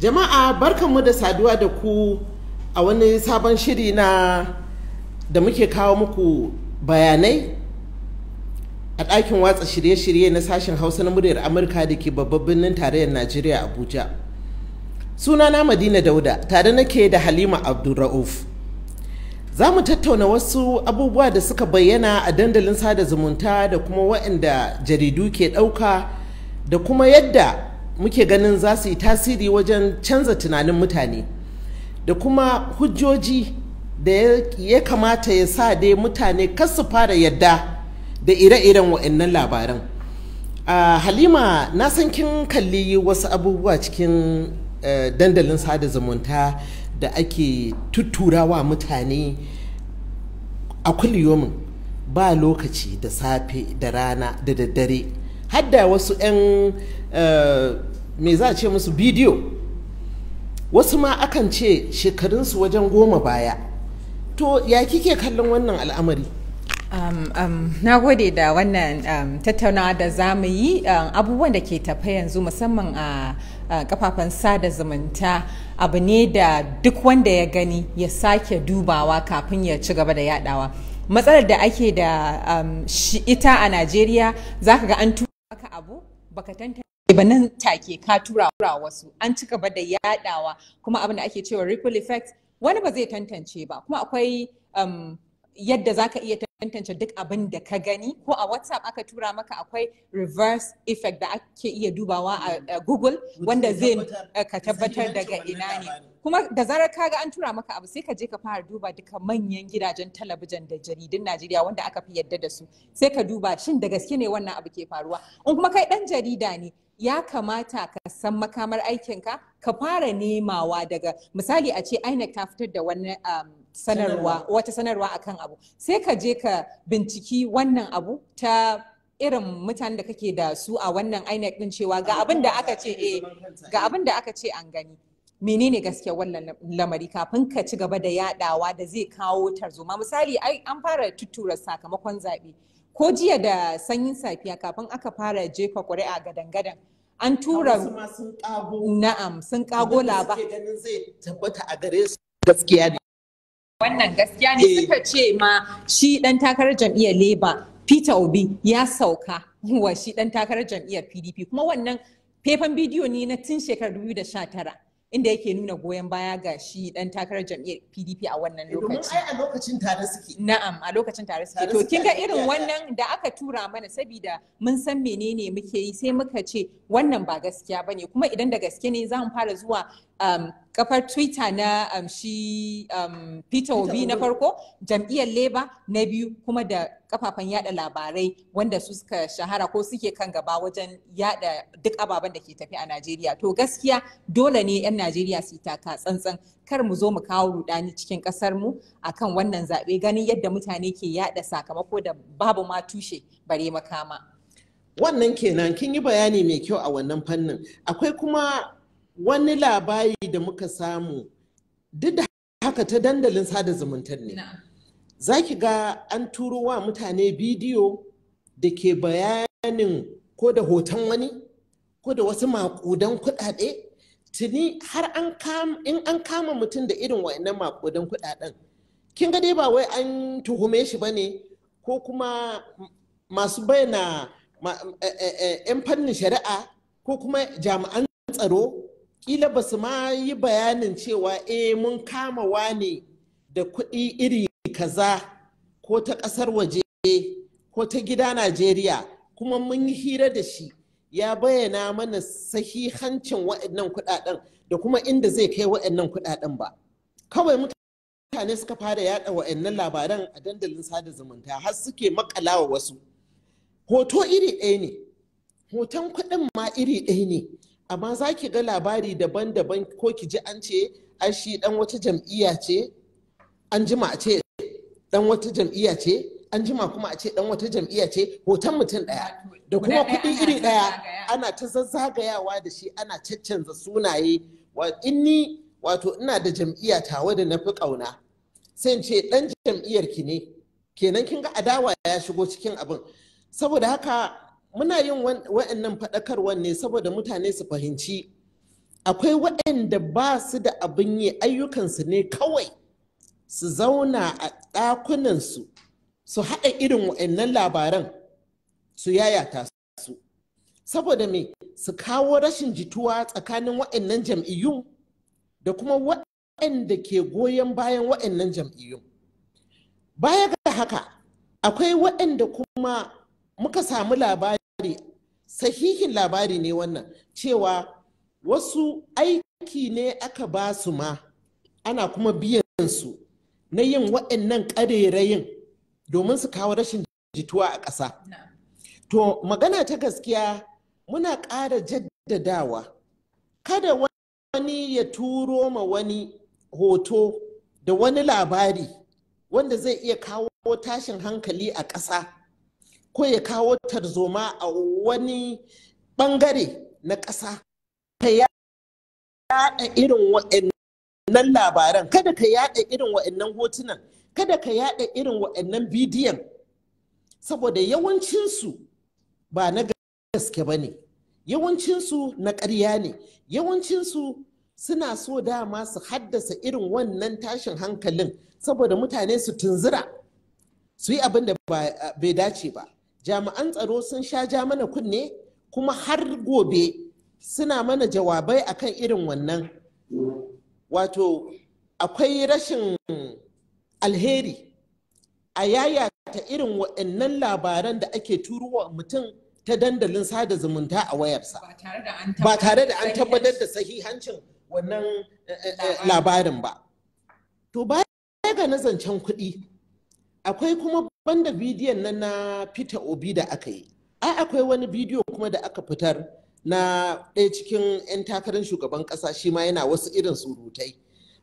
jama'a barkanmu da saduwa da ku a wani sabon shiri na da muke kawo muku bayanai a ɗakin watsa shirye-shirye na sashen hausa na muryar amurka da ke babban birnin tarayyar najeriya abuja suna na madina dauda tare nake da halima abdulra'uf za mu tattauna wasu abubuwa da suka bayyana a dandalin sada zumunta da kuma waɗanda jaridu ke ɗauka da kuma yadda muke ganin za su yi tasiri wajen canza tunanin mutane da kuma hujjoji da ya kamata ya sa dai mutane kar su fara yadda da ire-iren wa'annan labaran halima na san kin kalli wasu abubuwa cikin eh, dandalin sada zumunta da ake tuturawa mutane a kulliyomin ba lokaci da safe da rana da daddare hadda wasu 'yan eh, me za a ce musu bidiyo wasu ma akan ce shekarunsu wajen goma baya to ya kike kallon wannan al'amari Um, um, na gode da wannan um, tattaunawa da za mu yi um, abubuwan da ke tafa yanzu musamman a uh, uh, kafafen sada zumunta abu ne da duk wanda ya gani ya sake dubawa kafin ya ci gaba da yadawa matsalar da ake da um, shi ita a najeriya za ka ga an tuba abu baka tantan ba nan take ka tura wasu an ci gaba da yadawa kuma abin da ake cewa ripple effect wani ba zai tantance ba kuma akwai um, yadda za ka iya tantance duk abin da ka gani ko a whatsapp aka tura maka akwai reverse effect da ake iya dubawa a google wanda zai ka tabbatar daga ina ne kuma da zarar kaga an tura maka abu sai ka je ka fara duba duka manyan gidajen talabijin da jaridun Najeriya wanda aka fi yadda da su sai ka duba shin da gaske ne wannan abu ke faruwa in kuma kai dan jarida ne ya kamata ka san makamar aikinka ka fara nemawa daga misali a ce INEC ta fitar da wani um, sanarwa wata sanarwa akan abu sai ka je ka binciki wannan abu ta irin mutanen da kake da su a wannan INEC din cewa ga abin da aka ce eh, ga abin da aka ce an gani menene gaskiya wannan lamari kafin ka ci gaba da yadawa da zai kawo tarzoma misali ai an fara tuttura sakamakon zaɓe ko jiya da sanyin safiya kafin aka fara jefa ƙuri'a gadan-gadan an tura na'am sun kago laba gaskiya ne wannan gaskiya ne eh. suka ce ma shi dan takarar jam'iyyar labor Peter Obi ya sauka wa shi dan takarar jam'iyyar PDP kuma wannan faifan bidiyo ne na tun shekarar 2019 inda yake nuna goyon baya ga shi dan takarar jam'iyyar PDP a wannan lokaci. Eh, domin ai a lokacin tare suke. Na'am, a lokacin tare suke. To kin ga irin wannan da aka tura mana saboda mun san menene muke yi sai muka ce wannan ba gaskiya bane kuma idan da gaske ne za mu fara zuwa um, kafar twitter na um, shi um, peter obi na farko jam'iyyar labour na biyu kuma da kafafen yada labarai wanda su suka shahara ko suke kan gaba wajen yada duk ababen da ke tafi a najeriya to gaskiya dole ne 'yan najeriya su taka tsantsan kar mu zo mu kawo rudani cikin kasar mu akan wannan zaɓe ganin yadda mutane ke yada sakamako da babu ma tushe bare makama wannan kenan kin yi bayani mai kyau a wannan fannin akwai kuma wani labari da muka samu duk da haka ta dandalin sada zumunta ne za ki ga an turo wa mutane bidiyo da ke bayanin ko da hoton wani ko da wasu makudan kuɗaɗe tuni har in an kama mutum da irin wa'annan makudan kuɗaɗen kin ga dai ba wai an tuhume shi ba ne ko kuma masu bayyana 'yan eh, eh, eh, fannin shari'a ko kuma jami'an tsaro kila ba su ma yi bayanin cewa eh mun kama ne da kuɗi iri kaza ko ta ƙasar waje ko ta gida Najeriya kuma mun yi hira da shi ya bayyana mana sahihancin waɗannan kuɗaɗen da kuma inda zai kai waɗannan kuɗaɗen ba. Kawai mutane suka fara yaɗa waɗannan labaran a dandalin sada zumunta har suke makalawa wasu. Hoto iri ɗaya ne, hoton kuɗin ma iri ɗaya ne. amma za ki ga labari daban-daban ko ki ji an ce an shi dan wata jam'iyya ce an jima a ce dan wata jam'iyya ce an jima kuma a ce dan wata jam'iyya ce hoton mutum daya da kuma kuɗi iri daya ana ta zazzagayawa da shi ana caccanza sunaye in ni wato ina da jam'iyya tawa da na fi ƙauna sai in ce dan jam'iyyar ki ne kenan kin ga adawa ya shigo cikin abin saboda haka muna yin wa'annan faɗakarwar ne saboda mutane su fahimci akwai wa'anda ba su da abin yi ayyukansu ne kawai su zauna a ɗakunansu su haɗa irin wa'annan labaran su yayata su saboda me su kawo rashin jituwa tsakanin wa'annan jam'iyyun da kuma wa'anda ke goyon bayan wa'annan jam'iyyun baya ga haka akwai wa'anda kuma muka samu labari labari sahihin labari ne wannan cewa wasu aiki ne aka ba su ma ana kuma biyan su na yin waɗannan ƙarerayin domin su kawo rashin jituwa a ƙasa. To magana ta gaskiya muna ƙara jaddadawa kada wani ya turo ma wani hoto da wani labari wanda zai iya kawo tashin hankali a ƙasa ko ya kawo tarzoma a wani bangare na ƙasa ka yada irin wa'annan labaran kada ka yada irin wa'annan hotunan kada ka yada irin wa'annan bidiyon saboda yawancinsu ba na gaske ba ne yawancinsu na ƙarya ne yawancinsu suna so dama su haddasa irin wannan tashin hankalin saboda mutane su tunzura su yi abin da bai dace ba jami'an tsaro sun sha ja mana kunne kuma har gobe suna mana jawabai akan irin wannan wato akwai rashin alheri a yayata irin waɗannan labaran da ake turuwa mutum ta dandalin sada zumunta a wayarsa ba tare da an tabbatar da sahihancin wannan eh, eh, eh, labarin ba to baya ga na zancen kuɗi akwai kuma banda bidiyon nan na fita obi da aka yi a akwai wani bidiyo kuma da aka fitar na ɗaya cikin 'yan takarar shugaban ƙasa shi ma yana wasu irin surutai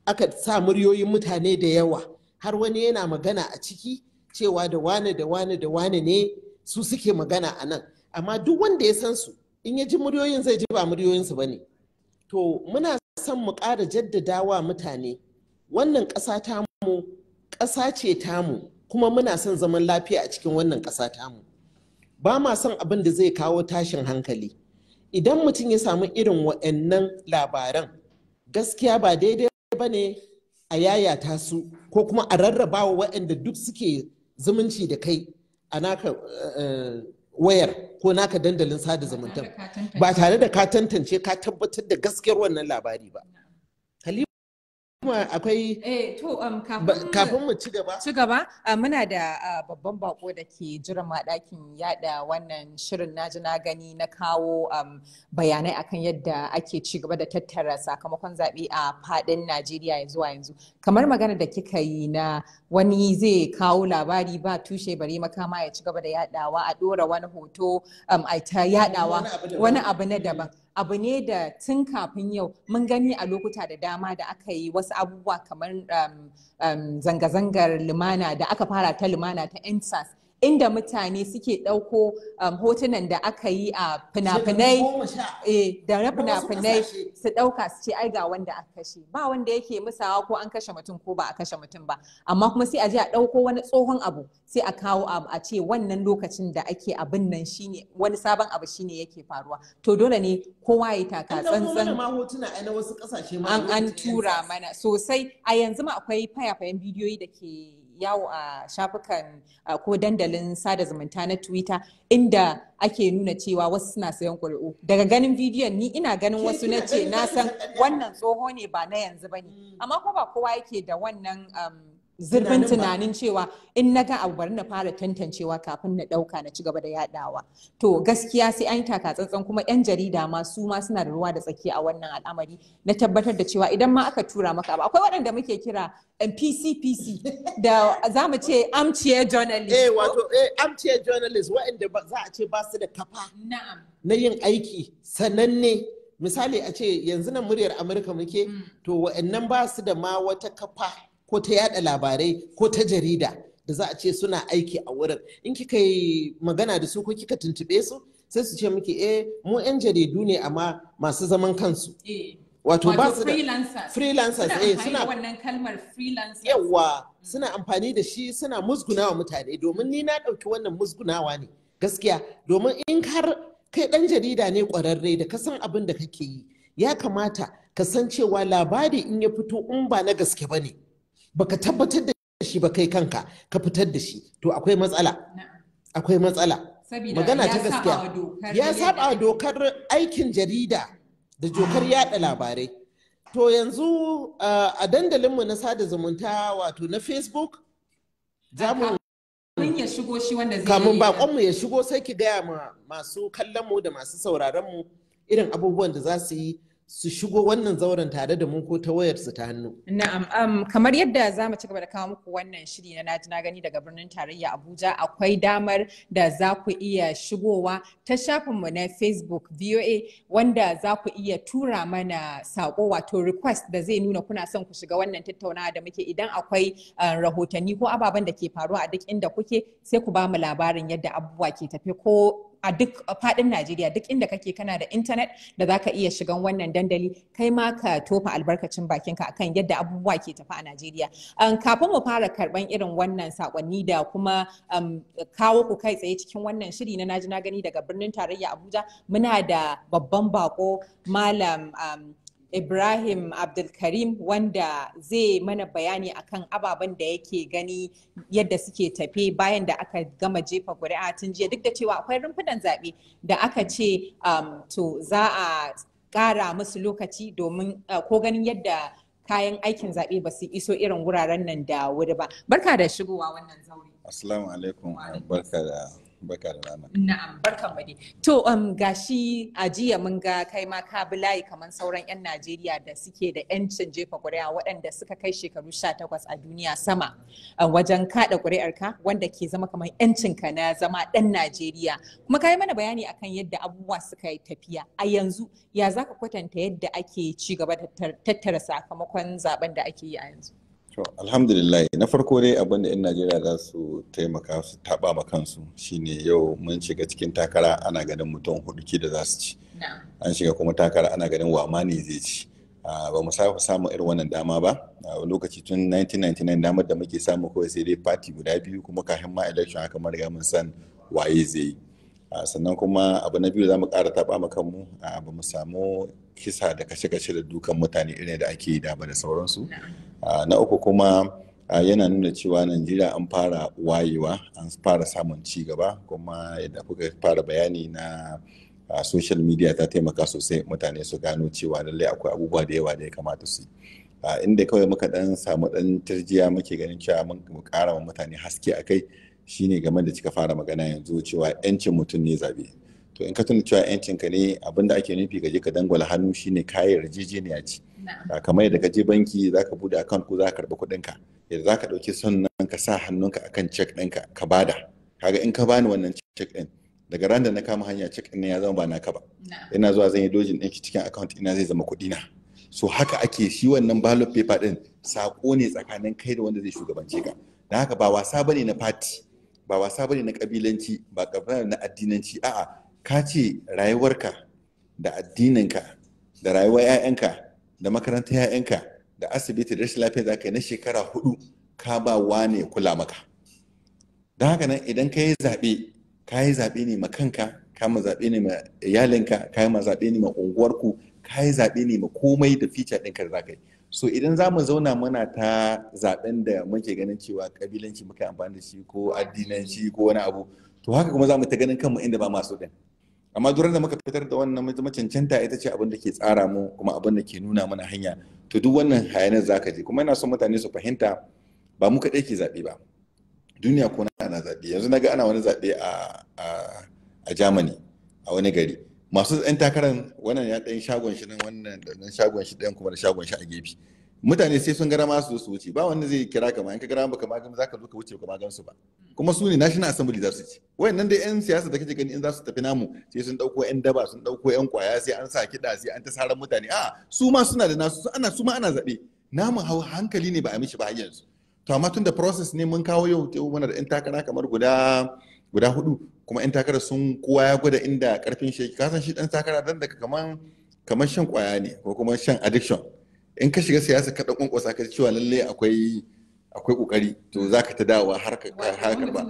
aka sa muryoyin mutane da yawa har wani yana magana a ciki cewa da wane da wane da wane ne su suke magana a nan amma duk wanda ya san su in ya ji muryoyin zai ji ba muryoyinsu ba ne to muna son mu ƙara jaddadawa mutane wannan ƙasa tamu ƙasa ce tamu kuma muna son zaman lafiya a cikin wannan ƙasa tamu ba ma son abin da zai kawo tashin hankali idan mutum ya samu irin waɗannan labaran gaskiya ba daidai ba ne a yayata su ko kuma a rarraba wa waɗanda duk suke zumunci da kai a naka eh, wayar ko naka dandalin sada zumunta ba tare da ka tantance ka tabbatar da gaskiyar wannan labari ba kuma akwai eh, um, kafin mu ci gaba ci gaba uh, muna da uh, babban bako da ke jiran ma dakin yada wannan shirin naji na gani na kawo um, bayanai akan yadda ake ci gaba da tattara sakamakon zaɓe a fadin Najeriya yanzu a yanzu kamar magana da kika yi na wani zai kawo labari ba tushe bare makama ya ci gaba da yadawa a dora wani hoto um, a ta yadawa wani abu na daban abu ne da tun kafin yau mun gani a lokuta da dama da aka yi wasu abubuwa kamar um, um, zanga-zangar lumana da aka fara ta lumana ta ensas inda mutane suke ɗauko um, hotunan da aka yi a fina-finai eh, da fina-finai su ɗauka su ce ai ga wanda aka kashe ba wanda yake musawa ko an kashe mutum ko ba a kashe mutum ba amma kuma sai a je a ɗauko wani tsohon abu sai a kawo abu um, a ce wannan lokacin da ake abin nan shine wani sabon abu shine yake faruwa to dole ne kowa ya taka tsantsan an tura mana sosai a yanzu ma akwai fayafayen bidiyoyi da ke yawo a shafukan ko dandalin sada zumunta na twitter inda ake nuna cewa wasu suna sayan ƙuri'u daga ganin bidiyon ni ina ganin wasu na ce na san wannan tsoho ne ba na yanzu ba ne mm. amma ko ba kowa yake da wannan um, zurfin tunanin cewa in na ga abu bari na fara tantancewa kafin na ɗauka na ci gaba da yaɗawa to gaskiya sai an taka tsantsan kuma yan jarida ma su ma suna da ruwa da tsaki a wannan al'amari na tabbatar da cewa idan ma aka tura maka ba akwai waɗanda muke kira eh, PCPC da za mu ce amciye journalist eh wato eh amciye journalist waɗanda za a ce ba su da kafa na'am na yin aiki sananne misali a ce yanzu nan muryar Amurka muke mm. to waɗannan ba su da ma wata kafa ko ta yada labarai ko ta jarida da za a ce suna aiki a wurin in kika yi magana da su ko kika tuntube su sai su ce miki eh mu 'yan jaridu ne amma masu zaman kansu eh, wato ba su da freelancers eh suna wannan kalmar freelancers yawa mm. suna amfani da shi suna musgunawa mutane domin ni na dauki wannan musgunawa ne gaskiya domin in har kai dan jarida ne kwararre da ka san abin da kake yi ya kamata ka san cewa labari in ya fito in ba na gaske bane baka tabbatar da shi ba kai kanka ka fitar da shi to akwai matsala akwai matsala magana ta gaskiya ya saba dokar aikin jarida da jokar ah. yada labarai to yanzu uh, a dandalinmu na sada zumunta wato na facebook za mu kamun ya bakonmu ya shigo sai ki gaya ma masu kallonmu da masu sauraron mu irin abubuwan da za su yi su shigo wannan zauren tare da mu ko ta wayar ta hannu. Na'am, um, kamar yadda za mu ci gaba da kawo muku wannan shiri na naji na gani daga birnin tarayya Abuja akwai damar da za ku iya shigowa ta shafinmu na Facebook VOA wanda za ku iya tura mana sako wato request da zai nuna kuna son ku shiga wannan tattaunawa da muke idan akwai uh, rahotanni ko ababen da ke faruwa a duk inda kuke sai ku ba mu labarin yadda abubuwa ke tafe ko a duk faɗin Najeriya duk inda kake kana da intanet da zaka iya shigan wannan dandali kai ma ka tofa albarkacin bakinka akan yadda abubuwa ke tafi a Najeriya. Kafin mu fara karɓan irin wannan sakonni da kuma kawo ku kai tsaye cikin wannan shiri na naji na gani daga birnin tarayya Abuja muna da babban bako malam Ibrahim Abdulkarim wanda zai mana bayani akan ababen da yake gani yadda suke tafe bayan da aka gama jefa kuri'a tun jiya duk da cewa akwai rumfunan zaɓe da aka ce um, to za a ƙara musu lokaci domin uh, ko ganin yadda kayan aikin zaɓe ba su iso irin wuraren nan da wuri ba. Barka da shigowa wannan zaure. Assalamu alaikum. Barka da barka da rana na'am barkan mu to um, gashi a jiya mun ga kai ma ka bi layi kamar sauran yan Najeriya da suke da yancin jefa ƙuri'a waɗanda suka kai shekaru sha takwas a duniya sama um, wajen kaɗa ƙuri'ar ka wanda ke zama kamar yancin ka na zama ɗan Najeriya kuma ka yi mana bayani akan yadda abubuwa suka yi tafiya a yanzu ya za ka kwatanta yadda ake ci gaba da tattara sakamakon zaben da ake yi a yanzu alhamdulillah na farko dai abin da 'yan Najeriya za su taimaka su taba ma kansu shine yau mun shiga cikin takara ana ganin mutum hudu ke da za su ci. An shiga kuma takara ana ganin wama ne zai ci. Ba mu sa samun irin wannan dama ba. Lokaci tun 1999 damar da muke samu kawai sai dai fati guda biyu kuma kafin ma election haka mun riga mun san waye zai yi. Sannan kuma abu na biyu za mu kara taba ma kanmu ba mu samu kisa da kashe-kashe da dukan mutane irin da ake yi da ba da sauransu. na uku kuma yana nuna cewa najeriya an fara wayewa an fara samun ci gaba kuma yadda kuka fara bayani na a social media ta taimaka sosai mutane su gano cewa lallai akwai abubuwa da yawa da ya kamata su inda kawai muka dan samu dan tirjiya muke ganin cewa mun kara wa mutane haske a kai shine game da cika fara magana yanzu cewa yancin mutum ne zabe to in ka tuna cewa yancin ka ne abinda ake nufi ka je ka dangwala hannu shine ne yarjejeniya ce Ah, kamar yadda ka je banki za ka bude account ko za ka karɓi kuɗinka yadda za ka ɗauki sannan ka sa hannunka akan cek ɗinka ka bada kaga in ka bani wannan cek ɗin daga ran da na kama hanya cek ɗin ya zama ba naka ba ina zuwa zan yi dojin ɗinki cikin account ina zai zama kuɗi na so haka ake shi wannan ballot paper ɗin sako ne tsakanin kai da wanda zai shugabance ka Da haka ba wasa bane na party ba wasa bane na kabilanci ba kabilanci na addinanci a'a ka ce rayuwarka da addininka da rayuwar 'ya'yanka da makarantar ‘ya'yanka da asibiti da rashin lafiya za ka yi na shekara hudu ka ba wane kula maka don haka nan idan ka yi zaɓe ka yi zaɓe ne ma kanka ka ma zaɓe ne ma iyalinka ka yi ma zaɓe ne ma unguwarku ka yi zaɓe ne ma komai da fica ɗinka da za ka yi so idan za mu zauna muna ta zaɓen da muke ganin cewa ƙabilanci muke amfani da shi ko addinanci ko wani abu to haka kuma za mu ta ganin kanmu inda ba masu ɗin amma duran da muka fitar da wannan mai cancanta ita ce abin da ke tsara mu kuma abin da ke nuna mana hanya to duk wannan hayanar zaka je kuma ina son mutane su fahimta ba mu kaɗai ke zaɓe ba duniya ko ana zaɓe yanzu na ga ana wani zaɓe a germany a wani gari masu 'yan takarar wannan ya ɗan shagon shi nan wannan shagon shi ɗan kuma da shagon shi a gefe mutane sai sun gara ma su su wuce ba wanda zai kira kama in ka gara baka magan zaka zo ka wuce ba magan su ba kuma su ne national assembly za su ci wayannan dai yan siyasa da kake gani in za su tafi namu sai sun dauko yan daba sun dauko yan kwaya sai an sa kida sai an ta saran mutane a su ma suna da nasu ana su ma ana zabe namu hau hankali ne ba a mishi ba yanzu to amma tun da process ne mun kawo yau te mana da yan takara kamar guda guda hudu kuma yan takara sun kowa ya gwada inda karfin shi ka san shi dan takara dan daga kaman kamar shan kwaya ne ko kuma shan addiction in ka shiga siyasa ka ɗan ƙwanƙwasa ka cewa lallai akwai akwai kokari to za ka ta dawa har ka haka ba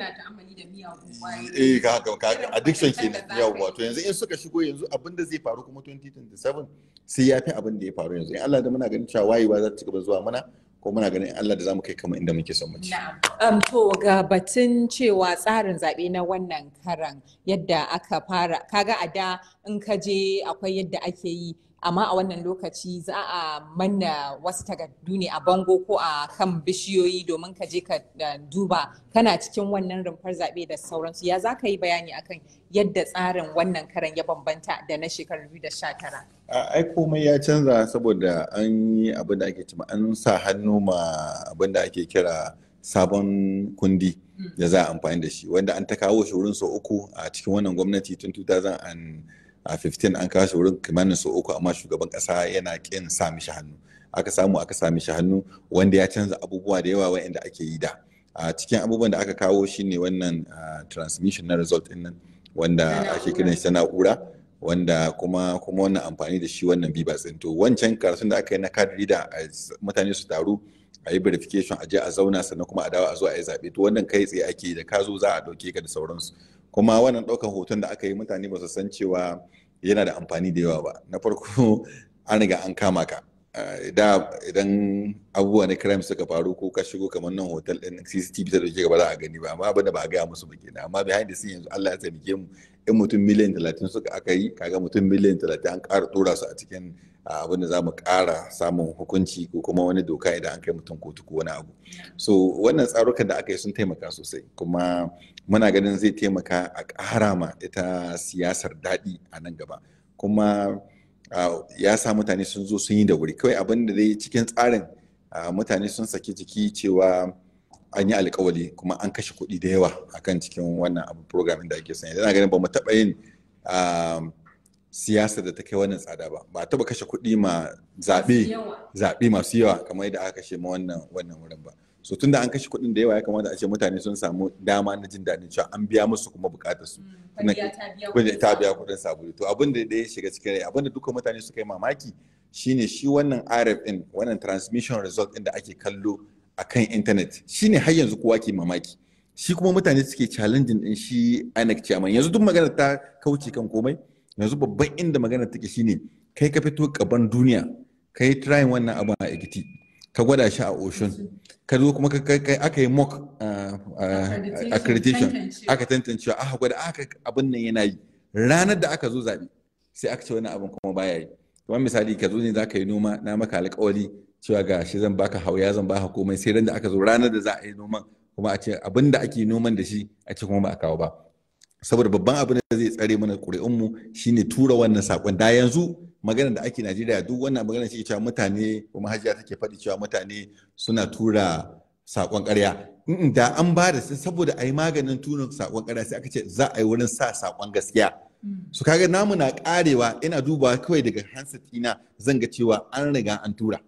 eh ka haka ka haka addiction ke yawwa wato yanzu in suka shigo yanzu abin da zai faru kuma 2027 sai ya fi abin da ya faru yanzu in Allah da muna ganin cewa wayewa za ta cigaba zuwa mana ko muna ganin Allah da zamu kai kama inda muke son mace. na'am um, to ga batun cewa tsarin zaɓe na wannan karan yadda aka fara kaga a da in ka je akwai yadda ake yi amma a wannan lokaci za a manna wasu takardu ne a bango ko a kan bishiyoyi domin ka je ka eh, duba kana cikin wannan rumfar zaɓe da sauransu ya za ka yi bayani akan yadda tsarin wannan karan ya bambanta da na shekarar 2019 ai komai ya canza saboda an yi abin da ake cima an sa hannu ma abin da ake kira sabon kundi hmm. da za a amfani da shi wanda an ta kawo shi wurin sau uku a cikin wannan gwamnati tun 2000 a 15 an kawo wurin kimanin sau uku amma shugaban kasa yana kin sa mishi hannu aka samu aka sa mishi hannu wanda ya canza abubuwa da yawa wa'anda ake yi da a cikin abubuwan da aka kawo shine wannan transmission na result din nan wanda ake kiran shi na'ura wanda kuma kuma wannan amfani da shi wannan biba to wancan karatun da aka yi na card reader mutane su taru a yi verification a je a zauna sannan kuma a dawo a zo a yi zaɓe to wannan kai tsaye ake da ka zo za a ɗauke ka da sauransu kuma wannan ɗaukar hoton da aka yi mutane ba su san cewa yana da amfani da yawa ba na farko an riga an kama ka da idan abubuwa na crime suka faru ko ka shigo kamar nan hotel din CCTV ta dauke gaba za a gani ba amma abinda ba a gaya musu ba kenan amma behind the scene yanzu Allah ya taimake mu in mutum miliyan 30 suka aka yi kaga mutum miliyan 30 an ƙara tura su a cikin abin da za mu ƙara samun hukunci ko kuma wani doka idan an kai mutum kotu ko wani abu so wannan tsarukan da aka yi sun taimaka sosai kuma muna ganin zai taimaka a ƙara ma ita siyasar daɗi a nan gaba kuma ya sa mutane sun zo sun yi da wuri kawai abin da dai cikin tsarin mutane sun saki jiki cewa an yi alkawali kuma an kashe kuɗi da yawa akan cikin wannan abu programming da ake sanya yana ganin ba mu taɓa yin siyasa da ta kai wannan tsada ba ba taba kashe kuɗi ma zaɓe zaɓe masu yawa kamar yadda aka kashe ma wannan wannan wurin ba so tunda an kashe kuɗin da yawa ya kamata a ce mutane sun samu dama na jin daɗin cewa an biya musu kuma buƙatar su mm, ta biya kuɗin sabulu to abin da ya shiga cikin rai abin da dukkan mutane suka yi mamaki shine shi wannan RF din wannan transmission result din da ake kallo akan internet shine har yanzu kowa ke mamaki shi kuma mutane suke challenging din shi anak chairman yanzu duk magana ta kauce kan komai yanzu babban inda magana take shine kai ka fito kaban duniya ka yi trying wannan abu a ekiti ka gwada shi a ocean ka zo kuma aka yi mock ah, ah, accreditation aka tantance aka gwada aka abin nan yana yi ranar da aka zo zabe sai aka ce wannan abin kuma baya yi kuma misali ka zo ne za ka yi noma na maka alƙawari cewa ga shi zan baka hauya zan baka komai sai ran da aka zo ranar da za a yi noman kuma a ce abin ake noman da shi a ce kuma ba a kawo ba saboda babban abin da zai tsare mana ƙuri'unmu shine tura wannan saƙon da yanzu magana da ake najeriya duk wannan magana ce cewa mutane kuma hajiya take faɗi cewa mutane suna tura saƙon ƙarya da an ba da saboda a yi maganin tura saƙon ƙarya sai aka ce za a yi wurin sa saƙon gaskiya mm. su kaga namu na ƙarewa ina duba kawai daga hansa ina zan ga cewa an riga an tura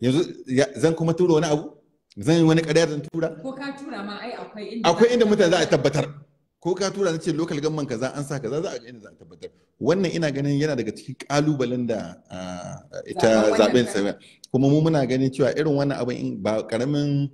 yanzu zan kuma tura wani abu zan yi wani ƙarya zan tura ko ka tura ma ai akwai inda akwai inda mutane za a tabbatar ko ka tura na ce local government kaza an sa kaza za a ga za a tabbatar wannan ina ganin yana daga cikin kalubalen da ita zaben sa kuma mu muna ganin cewa irin wannan abin ba karamin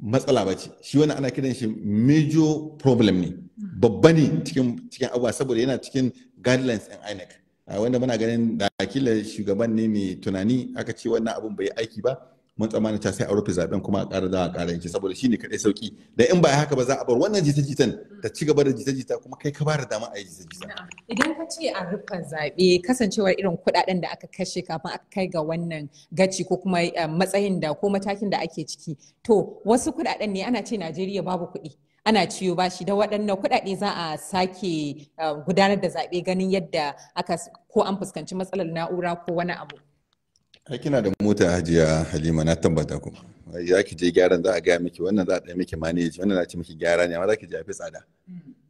matsala ba ce shi wani ana kiran shi major problem ne babba ne cikin cikin abuwa saboda yana cikin guidelines in INEC wanda muna ganin da kila shugaban ne mai tunani aka ce wannan abun bai aiki ba mun tsammanin sai a rufe zaben kuma a ƙara da ƙara yanki saboda shine kaɗai sauki da in ba haka ba za a bar wannan jita-jitan ta ci gaba da jita-jita kuma kai ka bada dama a yi jita-jita. Idan ka ce a rufe zaɓe kasancewar irin kuɗaɗen da aka kashe kafin aka kai ga wannan gaci ko kuma eh, matsayin da ko matakin da ake ciki to wasu kuɗaɗen ne ana ce Najeriya babu kuɗi. ana ciwo bashi da waɗannan kuɗaɗe za a sake eh, gudanar da zaɓe ganin yadda aka ko an fuskanci matsalar na'ura ko wani abu. ai kina da mota hajiya halima na tabbata kuma za ki je gyaran za a gaya miki wannan za a ɗaya miki manage wannan za a ci miki gyara ne amma za ki je a fi tsada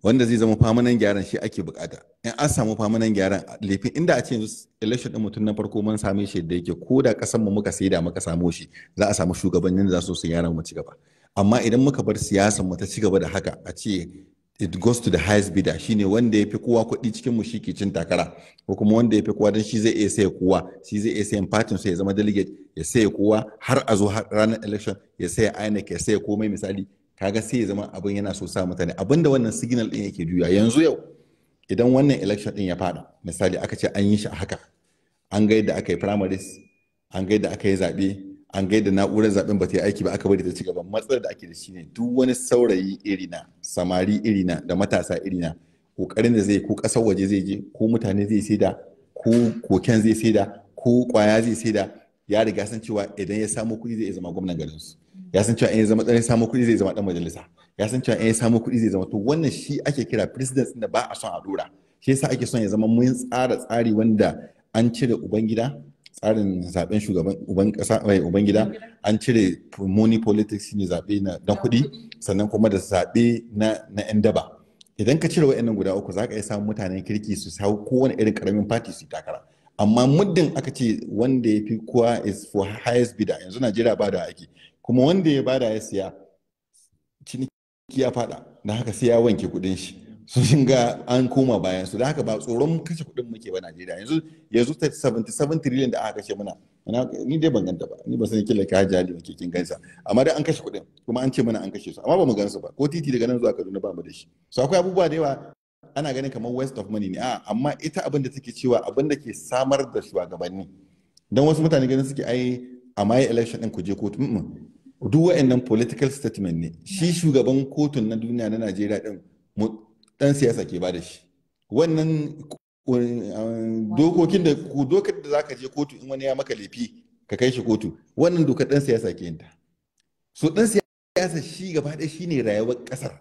wanda zai zama famunan gyaran shi ake bukata in an samu famanan gyaran laifin inda a ce yanzu election din mutum na farko mun same shi da yake ko da kasan mu muka saida muka samu shi za a samu shugabannin da za su gyara mu ci gaba amma idan muka bar siyasar mu ta ci gaba da haka a ce it goes to the highest bidder shine wanda ya fi kowa kuɗi cikin mu shi ke cin takara ko kuma wanda ya fi kowa don shi zai iya saya kowa shi zai iya sayan fatin su ya zama delegate ya saya kowa har a zo ranar election ya saya INEC ya saya komai misali kaga sai ya zama abin yana so sa mutane abin da wannan signal din yake juya yanzu yau idan wannan election din ya fada misali aka ce an yi shi a haka an ga yadda aka yi primaries an ga yadda aka yi zaɓe an gaida na'urar zaben ba ta yi aiki ba aka bari ta ci gaba matsalar da ake da shi ne duk wani saurayi irina samari irina da matasa irina kokarin da zai ko kasar waje zai je ko mutane zai saida ko koken zai saida ko kwaya zai saida ya riga san cewa idan ya samu kuɗi zai zama gwamnan garin su ya san cewa in ya zama dan samu kuɗi zai zama dan majalisa ya san cewa in ya samu kuɗi zai zama to wannan shi ake kira president da ba a son a dora shi yasa ake son ya zama mun tsara tsari wanda an cire ubangida tsarin zaben shugaban uban mai eh, uban gida an cire money politics shine zabe na dan kuɗi sannan kuma da zabe na na yan daba idan ka cire waɗannan guda uku za ka iya samun mutanen kirki su sau kowane irin karamin party su takara amma muddin aka ce wanda ya fi kowa is for highest bidder yanzu Najeriya ba da ake kuma wanda ya bada ya siya ciniki ya fada da haka sai ya wanke kudin shi sun ga an koma bayan su da haka ba tsoron kashe kuɗin muke ba Najeriya yanzu yanzu 77 trillion da aka kashe muna ni dai ban ganta ba ni ba sani kila ka haji hali kin gansa amma dai an kashe kuɗin kuma an ce mana an kashe su amma ba mu gansu ba ko titi daga nan zuwa Kaduna ba mu da shi so akwai abubuwa da yawa ana ganin kamar waste of money ne a amma ita abin da take cewa abin da ke samar da shugabanni dan wasu mutane ganin suke ai a mai election din ku je kotu duk wa'annan political statement ne shi shugaban kotun na duniya na Najeriya din ɗan siyasa ke ba da shi wannan um, dokokin da dokar da zaka je kotu in wani ya maka laifi ka kai shi kotu wannan dokar ɗan siyasa ke yin so ɗan siyasa shi gaba ɗaya shi ne rayuwar ƙasar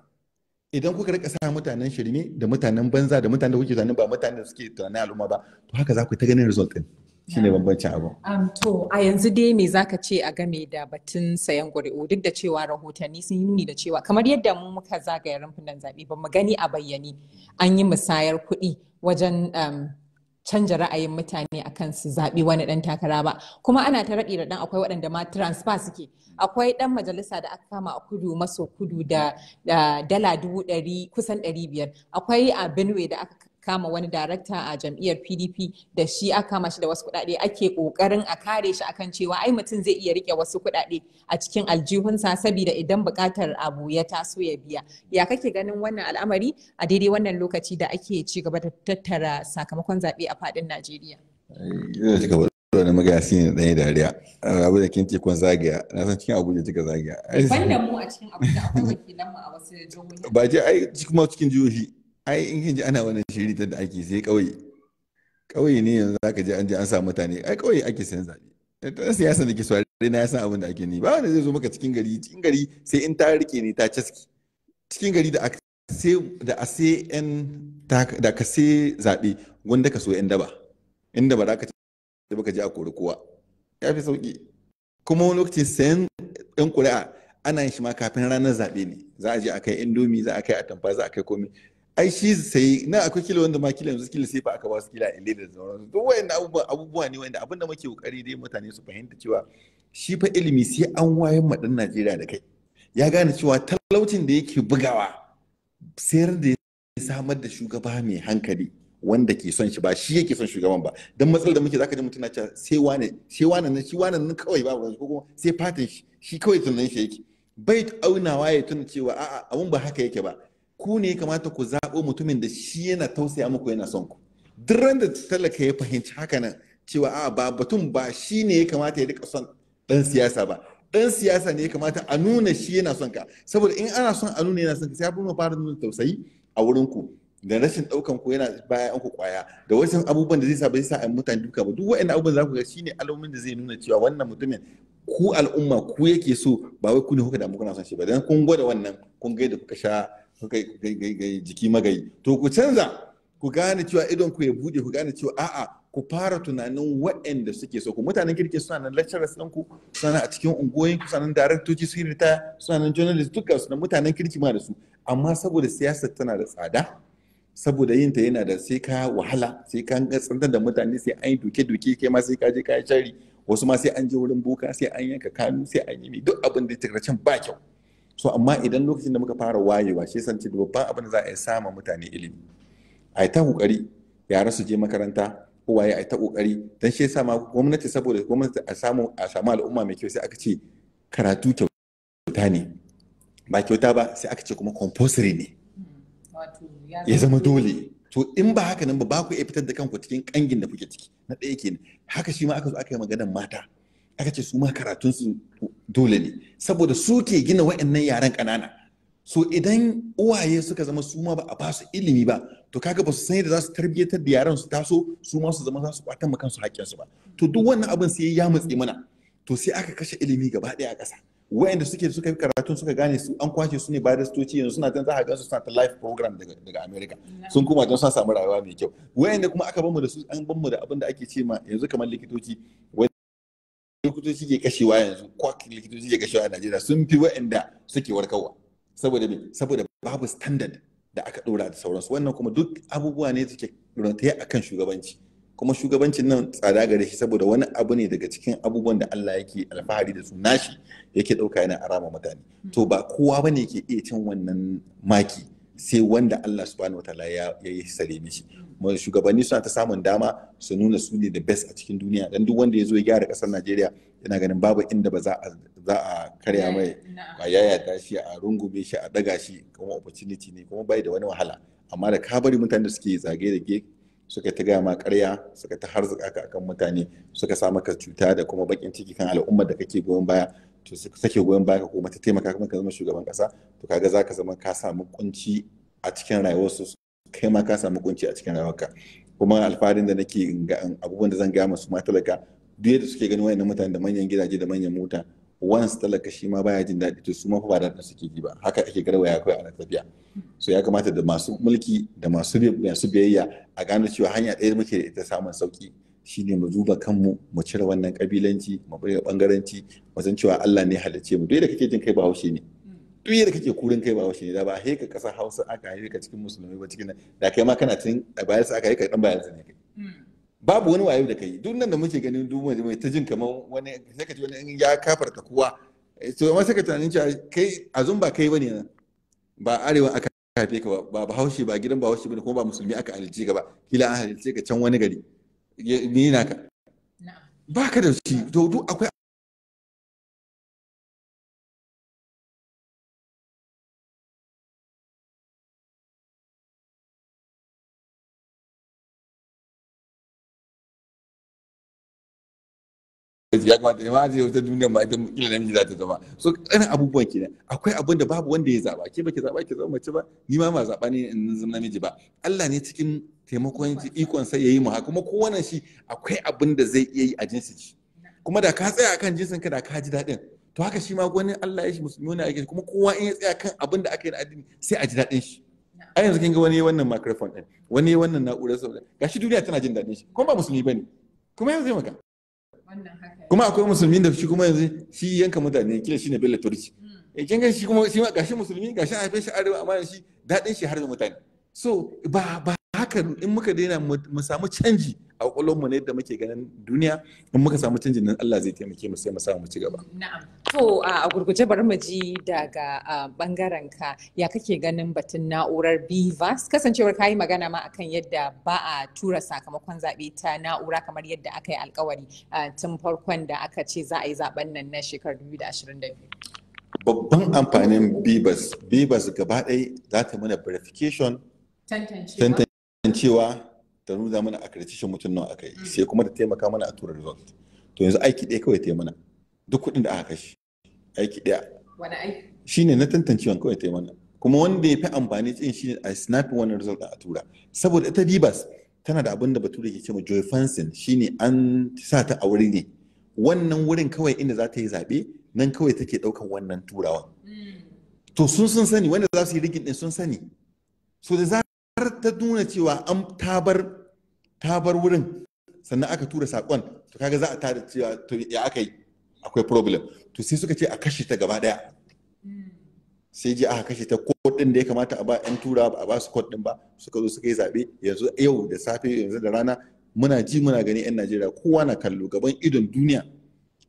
idan kuka rika sa mutanen shirme da mutanen banza da mutanen da kuke zane ba mutanen da suke tunanin al'umma ba to haka za ku ta ganin result ɗin shine bambancin abu. Um, to a yanzu dai me zaka ce a game da batun sayan ƙuri'u duk da cewa rahotanni sun yi nuni da cewa kamar yadda mu muka zagaya rumfunan zaɓe ba mu gani a bayyane an yi musayar kuɗi wajen um, canja ra'ayin mutane akan su zaɓi wani ɗan takara ba kuma ana ta raɗi da ɗan akwai waɗanda ma transfer suke akwai ɗan majalisa da aka kama a kudu maso kudu da dala dubu ɗari kusan ɗari biyar akwai a benue da aka kama wani darakta a jam'iyyar PDP da shi a kama shi da wasu kuɗaɗe ake kokarin a kare shi akan cewa ai mutum zai iya rike wasu kuɗaɗe a cikin aljihunsa saboda idan buƙatar abu ya taso ya biya. Ya kake ganin wannan al'amari a daidai wannan lokaci da ake ci gaba da tattara sakamakon zaɓe a faɗin Najeriya. wani magasi ne ɗaya dariya abu da kin kun zagaya na san cikin abuja cika zagaya ban da mu a cikin abuja akwai wakilan mu a wasu jihohi ba je ai kuma cikin jihohi ai in kin ji ana wannan shiri ta da ake sai kauye kauye ne yanzu zaka ji an je an sa mutane ai kauye ake sayan zabe ta siyasa da ke saurare na san abin da ake ni ba wanda zai zo maka cikin gari cikin gari sai in ta rike ne ta caski cikin gari da sai da a sai yan da ka sai zabe wanda ka so yan daba inda ba za ka ci ba ka a kori kowa ya fi sauki kuma wani lokaci sayan yan kuri'a ana yin shi ma kafin ranar zaɓe ne za a je a kai indomi za a kai atamfa za a kai komi ai shi sai na akwai kila wanda ma kilo yanzu kilo sai fa aka ba su kila a da sauransu duk wayannan abubuwa abubuwa ne wanda abinda da muke kokari dai mutane su fahimta cewa shi fa ilimi sai an wayar ma dan Najeriya da kai ya gane cewa talaucin da yake bugawa sayar da ya samar da shugaba mai hankali wanda ke son shi ba shi yake son shugaban ba dan matsalar da muke zaka ji mutuna cewa sai wane sai wane nan shi wane nan kawai ba ko kuma sai fatan shi shi kawai tunanin shi yake bai aunawa ya tuna cewa a'a abun ba haka yake ba ku ne ya kamata ku zaɓo mutumin da shi yana tausaya muku yana son ku Duran da talaka ya fahimci haka nan cewa a ba batun ba shi ne ya kamata ya rika son ɗan siyasa ba ɗan siyasa ne ya kamata a nuna shi yana son ka saboda in ana son a nuna yana son ka sai abin fara nuna tausayi a wurin ku da rashin ɗaukan ku yana baya ku kwaya da wasu abubuwan da zai sa bai sa a mutane duka ba duk waɗannan abubuwan za ku ga shine alamomin da zai nuna cewa wannan mutumin ku al'umma ku yake so ba wai ku ne kuka damu kuna son shi ba dan kun gwada wannan kun ga da kuka sha jiki magayi to ku canza ku gane cewa idon ku ya bude ku gane cewa a'a ku fara tunanin waɗanda suke so ku mutanen kirki suna nan lecturers ɗin ku suna a cikin unguwoyin ku suna nan directoci su rita suna nan journalist duka, suna mutanen kirki ma da su amma saboda siyasar tana da tsada saboda yin ta yana da sai ka wahala sai ka tsantar da mutane sai an yi duke-duke kai ma sai ka je ka yi wasu ma sai an je wurin boka sai an yanka kanu sai an yi duk abin da ya can ba kyau so amma idan lokacin da muka fara wayewa shi san cewa babban abin da za a yi sama mutane ilimi a yi ta kokari yara su je makaranta uwaye a yi ta kokari dan shi sama gwamnati saboda gwamnati a samu a samu al'umma mai kyau sai aka ce karatu kyauta ne ba kyauta ba sai aka ce kuma compulsory ne ya zama dole to in ba haka nan ba ba ku iya fitar da kanku cikin kangin da kuke ciki na ɗaya kenan haka shi ma aka zo aka yi maganar mata aka ce su ma karatunsu dole ne saboda su ke gina wa'annan yaran ƙanana so idan uwaye suka zama su ma ba a basu ilimi ba to kaga ba su san yadda za su tarbiyyatar da yaran su taso su ma su zama za su kwatan kansu haƙƙinsu ba to duk wannan abin sai ya matsi mana to sai aka kashe ilimi gaba ɗaya a ƙasa wa'anda suke suka yi karatun suka gane su an kwashe su ne stoci yanzu suna can za a gansu ta life program daga America sun kuma don sa samu rayuwa mai kyau wa'anda kuma aka bamu da su an bamu da abin da ake ce ma yanzu kamar likitoci likitoci ke kashewa yanzu kwak likitoci ke kashewa a Najeriya sun fi waɗanda suke warkarwa saboda me saboda babu standard da aka ɗora da sauransu wannan kuma duk abubuwa ne suke rantaya akan shugabanci kuma shugabancin nan tsada gare shi saboda wani abu ne daga cikin abubuwan da Allah yake alfahari da su nashi yake ɗauka yana arama mutane to ba kowa ba ne ke iya cin wannan maki sai wanda Allah subhanahu wataala ya yi sare mishi shugabanni suna ta samun dama su nuna su ne da best a cikin duniya dan duk wanda ya zo ya gyara kasar Najeriya yana ganin babu inda ba za a karya mai ba ya yada shi a rungume shi a daga shi kuma opportunity ne kuma bai da wani wahala amma da ka bari mutane da suke zage da ge suka ta gaya ma karya suka ta harzuka ka akan mutane suka sa maka cuta da kuma bakin ciki kan al'ummar da kake goyon baya to suka sake goyon baya ka kuma ta taimaka kuma ka zama shugaban kasa to kaga zaka zama ka samu kunci a cikin su kai ma ka samu kunci a cikin rawarka kuma alfaharin da nake ga abubuwan da zan gaya masu ma talaka duk yadda suke ganin wayannan mutane da manyan gidaje da manyan mota once talaka shi ma baya jin daɗi to su ma ba daɗin suke ji ba haka ake garwaya kai a tafiya so ya kamata da masu mulki da masu masu biyayya a gano cewa hanya ɗaya muke da ita samun sauki shine mu zuba kanmu mu cire wannan kabilanci mu bari bangaranci mu san cewa Allah ne halicce mu duk da kake jin kai ba haushi ne duk yadda kake kurin kai ba washe da ba he ka kasar Hausa aka yi ka cikin musulmi ba cikin da kai ma kana a bayan sa aka yi ka dan bayan sa ne kai hmm. babu wani wayo da kai duk nan da muke ganin duk mai ta jin kamar wani sai ka ji wani ya kafarta kuwa. Eh, to amma sai ka tunanin cewa kai zun ba kai bane nan ba arewa aka haife ka ba ba bahaushe ba gidan ba bahaushe ba kuma ba musulmi aka halice ka ba kila an halice ka can wani gari ni naka ba ka da shi to duk akwai ya kamata ya mace wata duniya ma ita kila namiji za ta zama so kana abubuwan kenan akwai abin da babu wanda ya zaba ke baki zaba ki zama mace ba ni ma ma zaba ne in zama namiji ba Allah ne cikin taimakon ikon sa yayi mu haka kuma kowanne shi akwai abin da zai iya yi a jinsin shi kuma da ka tsaya akan jinsin ka da ka ji daɗin to haka shi ma gwanin Allah ya shi musulmi ne ake kuma kowa in ya tsaya kan abin da aka yi na addini sai a ji daɗin shi a yanzu kin ga wani wannan microphone din wani wannan na'urar saboda gashi duniya tana jin daɗin shi kuma ba musulmi bane kuma yanzu zai maka kuma akwai musulmi da shi kuma yanzu shi yanka mutane kila shi ne bello turci hmm. e eh, kin shi kuma shi ma gashi musulmi gashi a haife shi arewa amma yanzu shi daɗin shi har da mutane so ba ba haka in muka daina mu samu canji a mu ne yadda muke ganin duniya in muka samu canjin nan Allah zai taimake mu sai mu samu ci gaba. Na'am. To a gurguje bari mu ji daga bangaren ka ya kake ganin batun na'urar BVAS kasancewar kayi magana ma akan yadda ba a tura sakamakon zabe ta na'ura kamar yadda aka yi alkawari tun farkon da aka ce za a yi zaben nan na shekarar 2022. Babban amfanin BIBAS, BIBAS gaba ɗaya za ta mana verification tantance cewa ta nuna mana accreditation mutum nan aka yi mm. sai kuma ta taimaka mana a tura result to yanzu aiki ɗaya kawai taimana. mana duk kuɗin da aka kashe aiki ɗaya wani aiki shine na tantancewan kawai taimana. mana kuma wanda ya fi amfani tsin ne a snap wannan result a tura saboda ita Divas tana da abin da bature ke cewa joy fansin shine an sa ta a wuri ne wannan wurin kawai inda za ta yi zaɓe nan kawai take ɗaukar wannan turawan mm. to sun sun sani wanda za su yi rigin ɗin sun sani so da ta nuna cewa an tabar tabar wurin sannan aka tura saƙon to kaga za a tada cewa to ya aka yi akwai problem to sai suka ce a kashe ta gaba daya sai je aka kashe ta kot din da ya kamata a ba yan tura ba a ba su kot din ba suka zo suka yi zaɓe yanzu yau da safe yanzu da rana muna ji muna gani yan Najeriya kowa na kallo gaban idon duniya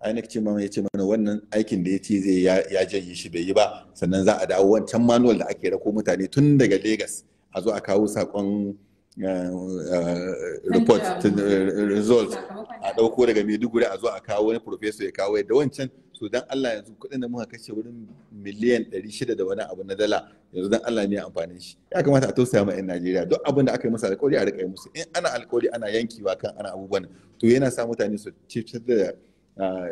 INEC ce mana yace mana wannan aikin da ya ce zai ya janye shi bai yi ba sannan za a dawo wancan manual da ake rako mutane tun daga Lagos a zo a kawo sakon eh, eh, report eh, result a ɗauko daga maiduguri a zo a kawo wani professor ya kawo yadda wancan so dan Allah yanzu kudin da muka kashe wurin miliyan 600 da wani abu na dala yanzu dan Allah ne amfanin shi ya kamata a tausaya ma 'yan Najeriya duk abin da aka yi masa alƙawari a riƙa musu in ana alƙawari ana yankewa kan ana abubuwan to yana sa mutane su cifar da ah,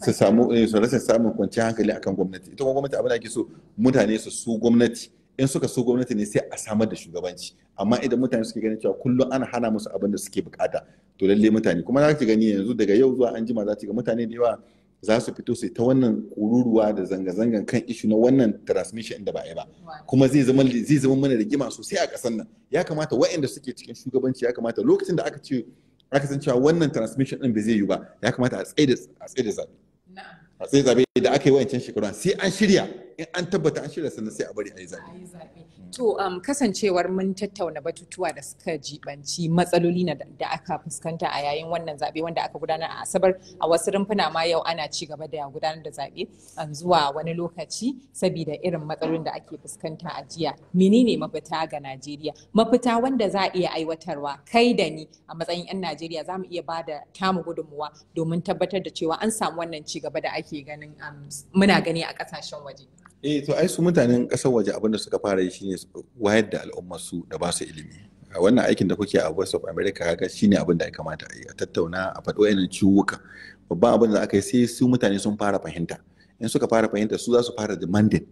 su samu su rasa samun kwanciyar hankali akan gwamnati ita kuma gwamnati abin da ake so mutane su su gwamnati in suka so gwamnati ne sai a samar da shugabanci amma idan mutane suke ganin cewa kullum ana hana musu abin da suke bukata to lalle mutane kuma za ki gani yanzu daga yau zuwa an jima za ga mutane da yawa za su fito su ta wannan kururuwa da zanga-zangan kan ishu na wannan transmission da ba a ba kuma zai zama zai zama mana rigima sosai a kasan nan ya kamata waɗanda suke cikin shugabanci ya kamata lokacin da aka ce aka san cewa wannan transmission din bai zai yi ba ya kamata a tsaye da a tsaye da zabe sai zabe da aka yi wancan shekaru sai an shirya in an tabbata an shirya sannan sai a bari a yi zabe To um, kasancewar mun tattauna batutuwa da suka jibanci matsaloli da aka fuskanta a yayin wannan zaɓe wanda aka gudanar a Asabar a wasu rumfuna ma yau ana ci gaba da gudanar da zaɓe um, zuwa wani lokaci saboda irin matsalolin da ake fuskanta a jiya. Menene mafita ga Najeriya? Mafita wanda za a iya aiwatarwa kai da ni a matsayin 'yan Najeriya za mu iya bada tamu gudunmuwa domin tabbatar da cewa an samu wannan ci gaba da ake ganin um, muna gani a kasashen waje. eh to ai su mutanen kasar waje abinda suka fara yi shine wayar da al'ummar su da ba su ilimi wannan aikin da kuke a West of America kaga shine abin da ya kamata a yi a tattauna a faɗi wayannan ciwuka babban abin da aka yi sai su mutane sun fara fahimta in suka fara fahimta su za su fara demanding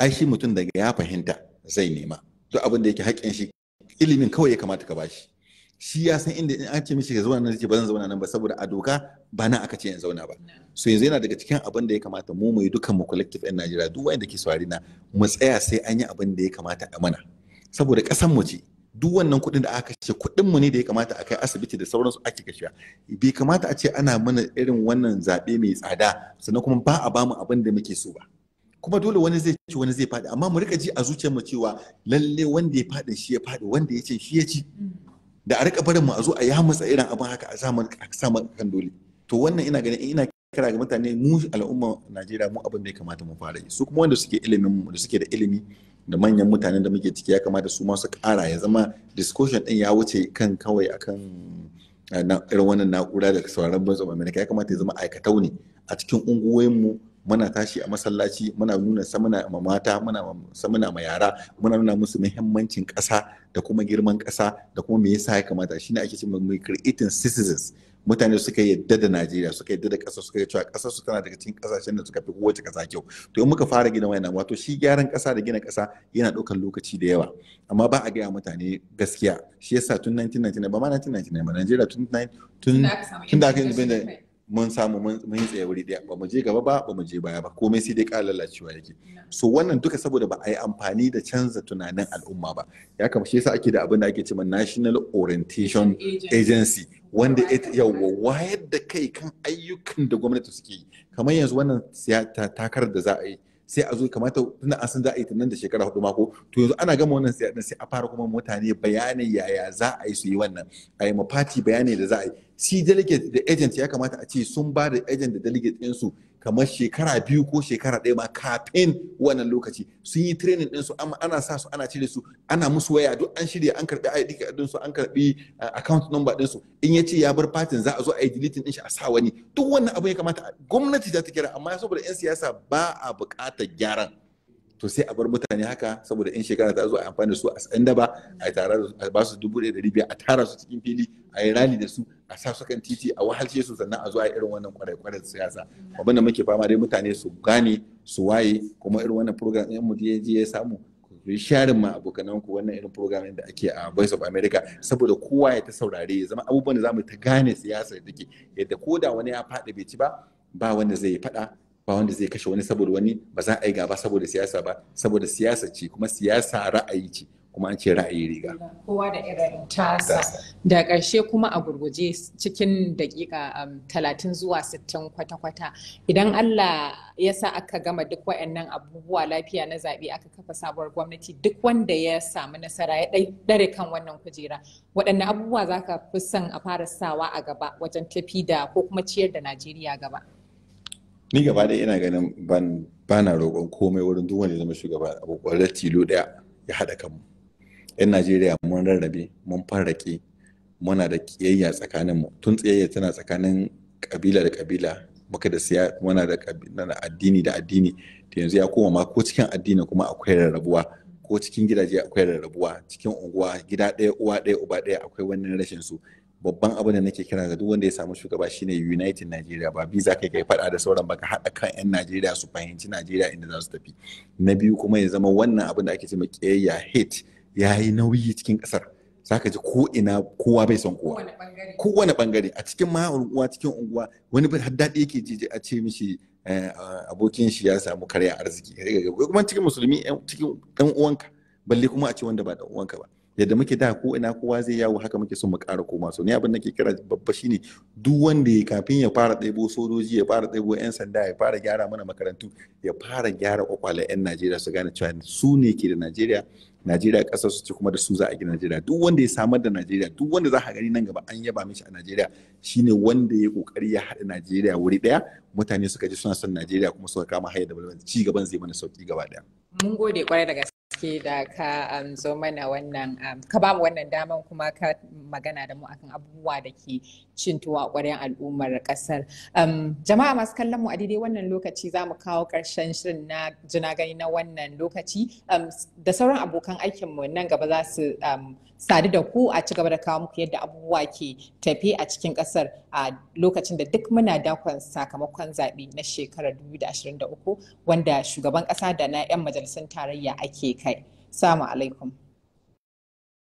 ai shi mutum daga ya fahimta zai nema duk abin da yake haƙƙin shi ilimin kawai ya kamata ka bashi shi ya san inda in an ce mishi ya zauna nan zai ba zan zauna nan ba saboda a doka ba nan aka ce in zauna ba so yanzu yana daga cikin abin da ya kamata mu mu yi dukkan mu collective ɗin Najeriya duk wanda ke saurari na mu tsaya sai an yi abin da ya kamata a mana saboda ƙasar mu ce duk wannan kuɗin da aka kashe kuɗin mu ne da ya kamata a kai asibiti da sauransu ake kashewa bai kamata a ce ana mana irin wannan zaɓe mai tsada sannan kuma ba a bamu abin da muke so ba kuma dole wani zai ci wani zai faɗi amma mu rika ji a zuciyar mu cewa lalle wanda ya faɗi shi ya faɗi wanda ya ce shi ya ci da a rika barin mu a zo a ya matsa irin abin haka a samun a kan dole to wannan ina ganin ina kira ga mutane mu al'umma Najeriya mu abin da ya kamata mu fara yi su kuma wanda suke ilimin mu da suke da ilimi da manyan mutanen da muke ciki ya kamata su ma su kara ya zama discussion din ya wuce kan kawai akan irin wannan na'ura da sauran banzo Amerika ya kamata ya zama aikatau ne a cikin unguwoyin mu muna tashi a masallaci muna nuna samuna ma mata muna samuna ma yara muna nuna musu muhimmancin ƙasa da kuma girman ƙasa da kuma me yasa ya kamata shine ake cewa mu creating citizens mutane suka yadda da Najeriya suka yadda da ƙasa suka cewa ƙasar su tana daga cikin ƙasashen da suka fi kowace ƙasa kyau to in muka fara gina wayannan wato shi gyaran ƙasa da gina ƙasa yana ɗaukar lokaci da yawa amma ba a gaya mutane gaskiya shi yasa tun 1999 ba ma 1999 ba Najeriya tun tun da aka yi mun samu mun tsaye wuri ɗaya ba mu je gaba ba ba mu je baya ba komai sai dai ƙara lalacewa yake so wannan duka saboda ba a yi amfani da canza tunanin al'umma ba ya kama shi yasa ake da abin da ake cewa national orientation agency wanda yawa wayar da kai kan ayyukan da gwamnati suke yi kamar yanzu wannan takarar da za a yi sai a zo kamata tunda an san za a yi tunan da shekara hudu mako to yanzu ana gama wannan sai a fara kuma mutane bayanin yaya za a yi su yi wannan a yi ma fati bayani da za a yi si delegate da agent ya kamata a ce sun ba da agent da delegate ɗinsu kamar shekara biyu ko shekara ɗaya ma kafin wannan lokaci sun yi training ɗinsu ana sa su ana cire su ana musu waya duk an shirya an karɓi ID ɗinsu an karɓi uh, account number ɗinsu in ya ce ya bar fatin za a zo a yi deleting ɗin shi a sa wani duk wannan abu ya kamata gwamnati za ta gyara amma saboda 'yan siyasa ba a buƙatar gyaran. to sai a bar mutane haka saboda in shekara ta zo a amfani da su a tsanda ba a tara a ba su dubu ɗari biyar a tara su cikin fili a yi rali da su a sa su kan titi a wahalce su sannan a zo a irin wannan kwarai-kwarai siyasa abinda muke fama dai mutane su gane su waye kuma irin wannan program ɗin mu je ya samu ku yi sharin ma abokanan ku wannan irin program da ake a Voice of America saboda kowa ya ta saurare ya zama abubuwan da za mu ta gane siyasa da take yadda ko da wani ya faɗi bai ci ba ba wanda zai faɗa ba wanda zai kashe wani saboda wani ba za a yi gaba saboda siyasa ba saboda siyasa ce kuma siyasa ra'ayi ce kuma an ce ra'ayi riga kowa da irin tasa da ƙarshe kuma a gurguje cikin dakika um, talatin zuwa sittin kwata-kwata idan Allah ya sa aka gama duk waɗannan abubuwa lafiya na zaɓe aka kafa sabuwar gwamnati duk wanda ya samu nasara ya ɗare kan wannan kujera waɗanne abubuwa za ka fi son a fara sawa a gaba wajen tafi da ko kuma ciyar da Najeriya gaba ni gaba ɗaya ina ganin ban bana roƙon komai wurin duk wanda ya zama shugaba abu ƙwarar tilo ɗaya ya haɗa kanmu yan najeriya mun rarrabe mun farraƙe muna da ƙiyayya mu tun tsiyayya tana tsakanin ƙabila da ƙabila muka da siya muna da addini da addini da yanzu ya koma ma ko cikin addini kuma akwai rarrabuwa ko cikin gidaje akwai rarrabuwa cikin unguwa gida ɗaya uwa ɗaya uba ɗaya akwai wannan rashin su babban abu da nake kira ga duk wanda ya samu shugaba shine united nigeria ba biyu zaka kai fada da sauran baka haɗa kan yan najeriya su fahimci najeriya inda za su tafi na biyu kuma ya zama wannan abin da ake ce kiyayya hate ya yi nauyi cikin kasar zaka ji ko ina kowa bai son kowa kowane bangare a cikin ma unguwa cikin unguwa wani har daɗi yake ji a ce mishi eh, abokin shi ya samu karya arziki kuma cikin musulmi cikin ɗan uwanka balle kuma a ce wanda ba ɗan uwanka ba yadda muke da ko ina kowa zai yawo haka muke son mu ƙara koma so ni abin da ke kira babba shine duk wanda ya kafin ya fara ɗebo sojoji ya fara ɗebo 'yan sanda ya fara gyara mana makarantu ya fara gyara kwakwalen 'yan Najeriya su gane cewa su ne ke da Najeriya Najeriya ƙasar su ce kuma da su za a gina Najeriya duk wanda ya samar da Najeriya duk wanda za a gani nan gaba an yaba mishi a Najeriya shine wanda ya kokari ya haɗa Najeriya wuri ɗaya mutane suka ji suna son Najeriya kuma suka kama hayar da ci gaban zai mana sauki gaba ɗaya. Mun gode kwarai da ke da ka um, zo mana wannan um, ka ba mu wannan daman kuma ka magana da mu akan abubuwa da ke cin tuwa ƙwarin al'ummar ƙasar um, jama'a masu kallon mu a daidai wannan lokaci za mu kawo ƙarshen shirin na jina gani na wannan lokaci um, da sauran abokan aikinmu nan gaba za su um, sadu da ku a cigaba da kawo muku yadda abubuwa ke tafi a cikin kasar a lokacin da duk muna dakon sakamakon zaɓe na shekarar 2023 wanda shugaban ƙasa da na 'yan majalisun tarayya ake kai. Salamu alaikum.